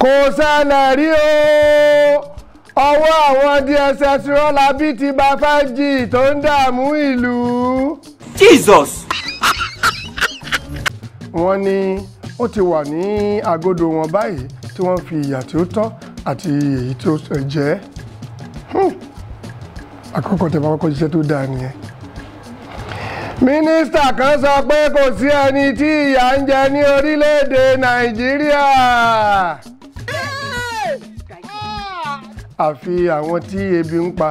kò ṣẹlẹ̀ rí o ọwọ́ àwọn DSS rọ́lábí ti ba 5G tó ń dààmú ìlú. Jesus. wọ́n ní ó ti wà ní àgọ́dọ̀ wọn báyìí tí wọ́n fi ìyà tí ó tọ́ àti èyí tí ó jẹ́ hmm. àkọ́kọ́ tẹ̀ máa kọ́ iṣẹ́ tó dáa nìyẹn. mínísítà kan sọ pé kò sí ẹni tí ìyà ń jẹ ní orílẹ̀-èdè Nàìjíríà àfi àwọn tí ebi ń pa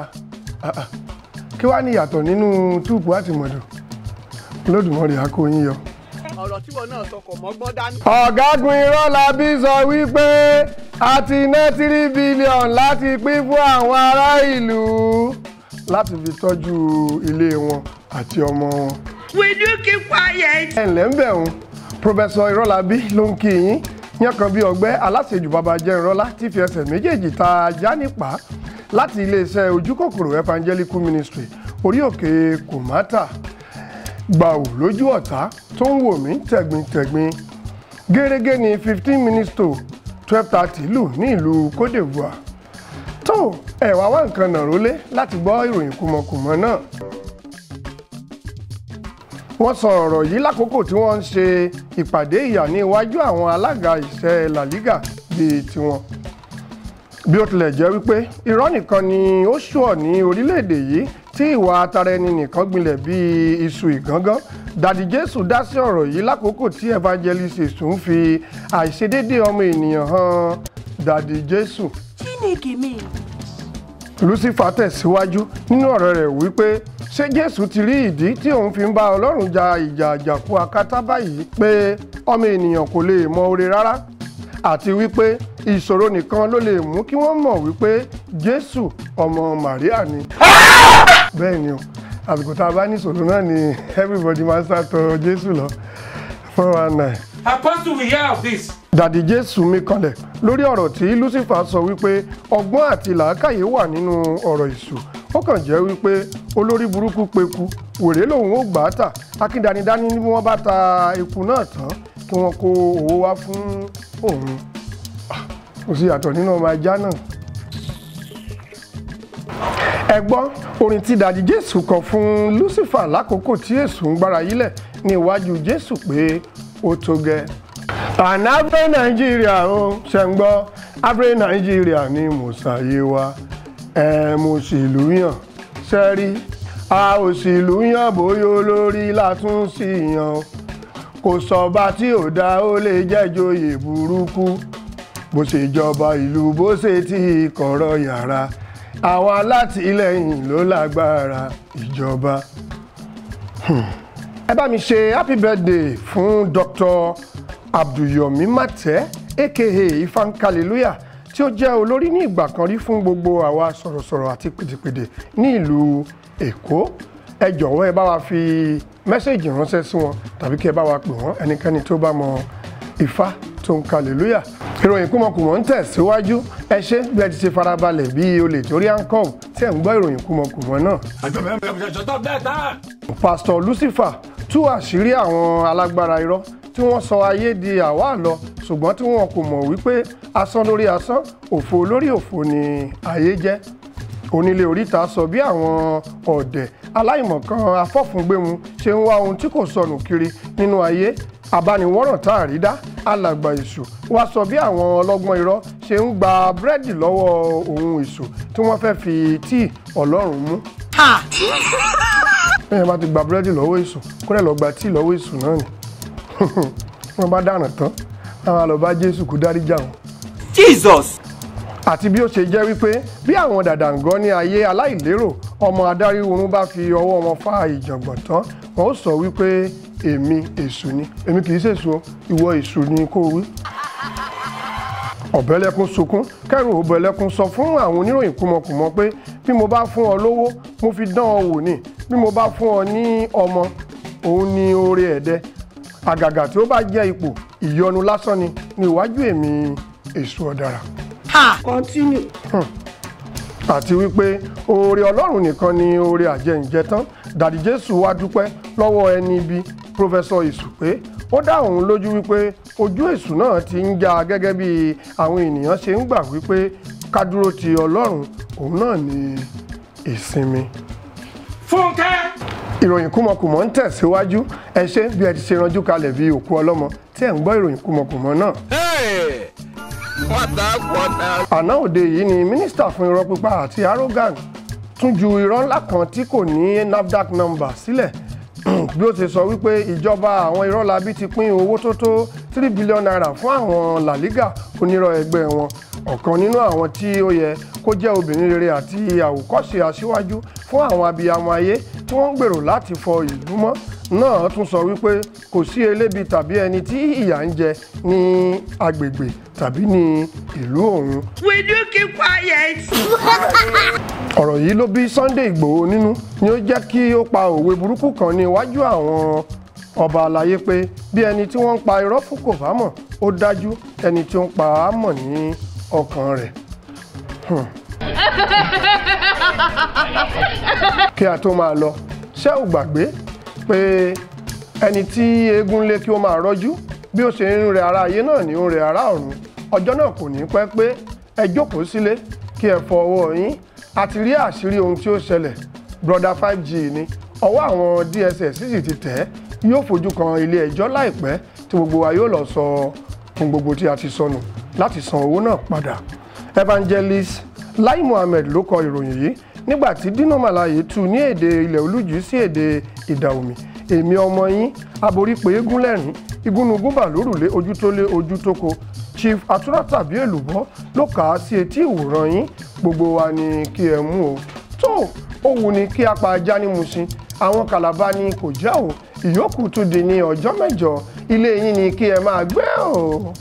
kí wàá ní ìyàtọ̀ nínú túùpù àti mọ̀dù Olódùmarè á yọ. ọ̀rọ̀ tí wọn náà sọ mọ́gbọ́n dání. ọ̀gágun Irọ́lábí sọ wípé a ti ná tírí bílíọ̀n láti pín fún àwọn ará ìlú láti fi tọ́jú ilé wọn àti ọmọ wọn. will you keep quiet. ẹ ǹlẹ́ ń bẹ̀ wọ́n Professor Irọ́lábí ló ń kí yín yán kan bí ọgbẹ́ aláṣejù bàbá jẹrìnrọ́lá tí fi ẹsẹ̀ méjèèjì ta ajá nípa láti iléeṣẹ́ ojúkòkòrò evangelical ministry orí òkè kòmátà gbàù lójú ọ̀tá tó ń wò mí tẹ̀gbintẹ̀gbin gẹ́gẹ́ ní fifteen minutes to twelve thirty lù ní ìlú Côte d'Ivoire tó ẹ̀wà wá nǹkan nàró lé láti gbọ́ ìròyìn kùmọ̀kùmọ̀ náà wọ́n sọ ọ̀rọ̀ yìí lákòókò tí wọ́n ń ṣe ìpàdé ìyà ní iwájú àwọn alága ìṣe La Liga bíi tiwọn bí ó tilẹ̀ jẹ́ wípé irọ́ nìkan ni ó ṣùọ̀ ní orílẹ̀-èdè yìí tí ìwà atara ẹni nìkan gbilẹ̀ bíi iṣu ìgángán dàdí jésù dá sí ọ̀rọ̀ yìí lákòókò tí evangelist ń fi àìṣedéédé ọmọ ènìyàn hàn dàdí jésù. chineke mi lucifer tẹ̀síwájú nínú ọ̀rọ̀ rẹ̀ wípé ṣé jésù ti rí ìdí tí òun fi ń bá ọlọ́run ja ìjà àjàkú akátá báyìí pé ọmọ ènìyàn kò lè mọ oore rárá àti wípé ìṣòro nìkan ló lè mú kí wọ́n mọ̀ wípé jésù ọmọ màríà ni. bẹ́ẹ̀ ni o àsìkò tá a bá ní ìṣòro náà ni everybody máa ń sá tọ̀ jésù lọ four one nine apostle we hear of this. dàdí jésù mi kanlẹ̀ lórí ọ̀rọ̀ tí lucifer sọ wípé ọgbọ́n àti làákàyè wà nínú ọ̀rọ̀ èṣù ó kàn jẹ́ wípé olórí burúkú peku wèrè lòun ó gbà á tà akíndanidání ni wọ́n bá ta eku náà tán kí wọ́n kó owó wá fún òun ah, kò sí yàtọ̀ nínú ọmọ ajá náà. ẹ orin tí dàdí jésù kọ fún lucifer lákòókò tí èṣù ń gbára yílẹ̀ ní iwájú jésù pé ó tó gẹ́. an Afro Nigeria o ṣe ń gbọ́ Afro Nigeria ni mo ṣàyè wa ẹ mo sì lùyàn sẹ́rí a ò sì lùyàn bóyá olórí látún sí yan kò sọba tí ò dá ó lè jẹ́jòyè burúkú bó ṣe jọba ìlú bó ṣe ti kọ̀rọ̀ yàrá àwọn alátìlẹyìn ló lágbára ìjọba. Hmm ẹ bá mi ṣe happy birthday fún Dr. Abdulyomi Mate aka Ifankaleluya tí ó jẹ́ olórí ní ìgbà kan rí fún gbogbo àwa sọ̀rọ̀sọ̀rọ̀ àti pèdèpèdè ní ìlú Èkó ẹ jọ̀wọ́ ẹ bá wa fi mẹ́sẹ̀gì ránṣẹ́ sí wọn tàbí kí ẹ bá wa pè wọ́n ẹnikẹ́ni tó bá mọ Ifá tó ń kaleluya ìròyìn kúmọkùmọ̀ ń tẹ̀síwájú ẹ ṣé bí ẹ ti ṣe farabalẹ̀ bí olè torí àǹkọ́m tí ẹ̀ ń gbọ́ ìròyìn kúmọkùmọ̀ náà. àjọ bẹ́ẹ̀ bẹ́ẹ̀ bẹ́ẹ̀ bẹ́ẹ̀ tán. Pastor Lucifer tú àṣírí àwọn alágbára irọ́ tí wọ́n sọ ayé di àwa lọ ṣùgbọ́n tí wọn kò mọ̀ wípé asán lórí asán òfò lórí òfò ni ayé jẹ́ onílé oríta sọ bí àwọn ọ̀dẹ̀ aláìmọ̀kan afọ́fúngbému ṣe ń wá ohun tí kò sọnù kiri nínú ayé abániwọ́ràn tá a rí dá alàgbà èṣù wá sọ bí àwọn ọlọ́gbọ́n irọ́ ṣe ń gba búrẹ́dì lọ́wọ́ ohun èṣù tí wọ́n fẹ́ fi tíì ọlọ́run mú. lẹ́yìn bá ti gba búrẹ́dì lọ́wọ́ èṣù kó lè lọ gba tíì lọ́wọ́ èṣù náà ni wọ́n bá dànù tán àwọn àlọ́ bá jésù kó dárí jà wọ́n. Jesus. àti bí ó ṣe jẹ́ wípé bí àwọn dàdàǹgọ́ ní ayé aláìlérò ọmọ adarí oorun bá fi ọwọ́ wọn fa ìjàngbọ̀n tán wọ́n ó sọ wípé èmi èṣù ni èmi kì í ṣèṣù ìwọ èṣù ni kó wí ọ̀bẹ́lẹ́kún sunkún kẹ́rù ọ̀bẹ́lẹ́kún sọ fún àwọn oníròyìn kùmọ̀kùmọ̀ pé bí mo bá fún ọ lówó mo fi dán ọ wò ni bí mo bá fún ọ ní ọmọ òun ni oore ẹ̀dẹ àgàgà tí ó bá jẹ́ ipò ìyọnu lásán ni ní iwájú èmi èso ọ̀dàrà. continue. Hmm. àti wípé oore ọlọ́run nìkan ni oore àjẹǹjẹ tán dàdí jésù wá dúpẹ́ lọ́wọ́ ẹni ibi pírọfẹ́sọ ó dá òun lójú wípé ojú èṣù náà ti ń já gẹ́gẹ́ bí àwọn ènìyàn ṣe ń gbà wípé ká dúró ti ọlọ́run òun náà ni ìsinmi. fúnkẹ́. ìròyìn kúmọkùmọ̀ ń tẹ̀síwájú ẹ ṣé bí ẹ ti ṣe ranjú kalẹ̀ bí òkú ọlọ́mọ tí ẹ̀ ń gbọ́ ìròyìn kúmọkùmọ̀ náà. àná òde yìí ni mínísítà fún irọ́ pípa àti arrogant tún ju irọ́ ńlá kan tí kò ní NAFDAC number sílẹ̀ si bí ó ti sọ wípé ìjọba àwọn irọ́labí ti pín owó tó tó three billion naira fún àwọn La Liga onírọ̀ ẹgbẹ́ wọn ọ̀kan nínú àwọn tí ó yẹ kó jẹ́ obìnrin rere àti àwòkọ́ṣe aṣíwájú fún àwọn abiyamọ ayé tí wọ́n ń gbèrò láti fọ ìlú mọ́ náà tún sọ wípé kò sí elébi tàbí ẹni tí ìyà ń jẹ ní agbègbè tàbí ní ìlú òun. we do keep quiet. ọ̀rọ̀ yìí ló bí Sunday Ìgbòho nínú ni ó jẹ́ kí ó pa òwe burúkú kan ní iwájú àwọn ọba àlàyé pé bí ẹni tí wọ́n ń pa irọ́ fún kò bá mọ̀ ó dájú ẹni tí ó ń pa á mọ̀ ní ọkàn rẹ̀. Hmm. kí a tó máa lọ ṣé ò gbàgbé pé ẹni tí eégún lé kí ó máa rọ́jú bí ó ṣe ń rẹ ara ayé náà ni ó ń rẹ ara ọ̀run ọjọ́ náà kò ní pẹ́ pé ẹ jókòó sílé kí ẹ fọ ọwọ́ yín àti rí àṣírí ohun tí ó ṣẹlẹ̀ broda 5G ni ọwọ́ àwọn DSS sì ti tẹ̀ yóò fojú kan ilé ẹjọ́ láìpẹ́ tí gbogbo wa yóò lọ sọ ohun gbogbo tí a ti sọnù láti san owó náà padà evangelist Lai Muhammed ló kọ ìròyìn yìí nígbà tí Dino Melaye tú ní èdè ilẹ̀ olújú sí èdè ìdà omi èmi ọmọ yín aborí pé eégún lẹ́rìn igúnnugún bà lórùlé ojú tó lé ojú tó ko chief atura tàbí èlùbọ́ ló kà á sí etí ìwòran yín gbogbo wa ni kí ẹ mú o tó ó wù ní kí apá ajá ní musin àwọn kàlàbà ni kò já o ìyókù tún di ní ọjọ́ mẹ́jọ ilé yín ni kí ẹ máa gbé o.